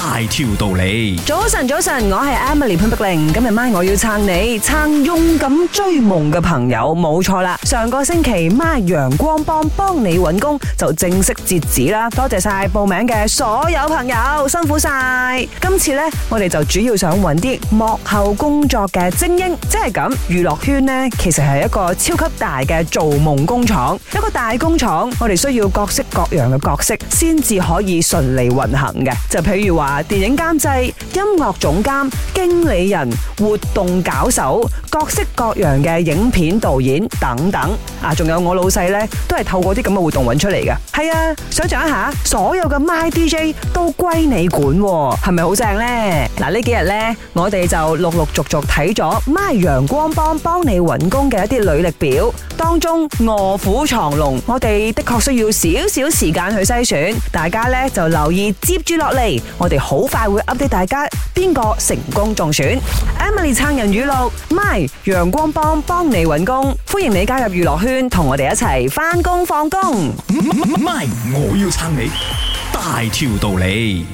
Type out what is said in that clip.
大條道理，早晨早晨，我係 Emily 潘碧玲，今日晚我要撐你，撐勇敢追夢嘅朋友，冇錯啦。上個星期晚陽光幫幫你揾工就正式截止啦，多謝晒報名嘅所有朋友，辛苦晒。今次呢，我哋就主要想揾啲幕後工作嘅精英，即係咁，娛樂圈呢，其實係一個超級大嘅造夢工廠，一個大工廠，我哋需要各式各樣嘅角色先至可以順利運行嘅，就譬如話。啊！電影監製、音樂總監、經理人、活動攪手、各式各樣嘅影片導演等等啊，仲有我老細咧，都係透過啲咁嘅活動揾出嚟嘅。係啊，想象一下，所有嘅 My DJ 都歸你管，哦，係咪好正呢？嗱，呢幾日呢，我哋就陸陸續續睇咗 My 陽光幫幫你揾工嘅一啲履歷表，當中臥虎藏龍，我哋的確需要少少時間去篩選，大家呢，就留意接住落嚟，我哋。好快會 update 大家邊個成功中選。Emily 撐人語錄，MY 陽光幫幫你揾工，歡迎你加入娛樂圈，同我哋一齊翻工放工。MY 我要撐你，大條道理。